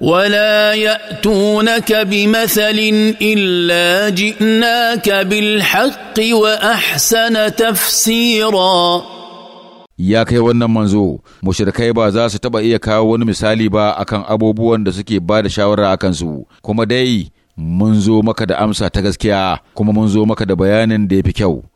ولا ياتونك بمثل الا جئناك بالحق واحسن تفسيرا ya kai wannan manzo mushrikai ba za su taɓa iya kawo wani misali ba akan abubuwan da suke ba da shawara akan su kuma dai mun zo maka da amsa ta gaskiya kuma mun zo maka da bayanin da ya fi kyau